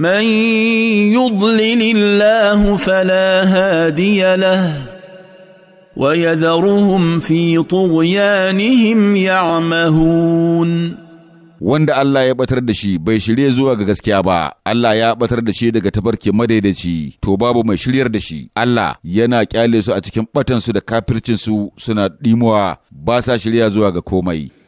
من يضلل الله فلا هادي له ويذرهم في طغيانهم يعمهون wanda Allah ya batar da shi bai shirye zuwa ga gaskiya ba Allah ya batar da shi daga tabarke madaidaci to babu mai shiryar da shi Allah yana kyale su a cikin batansu da kafircinsu suna dimuwa ba sa shirya zuwa ga komai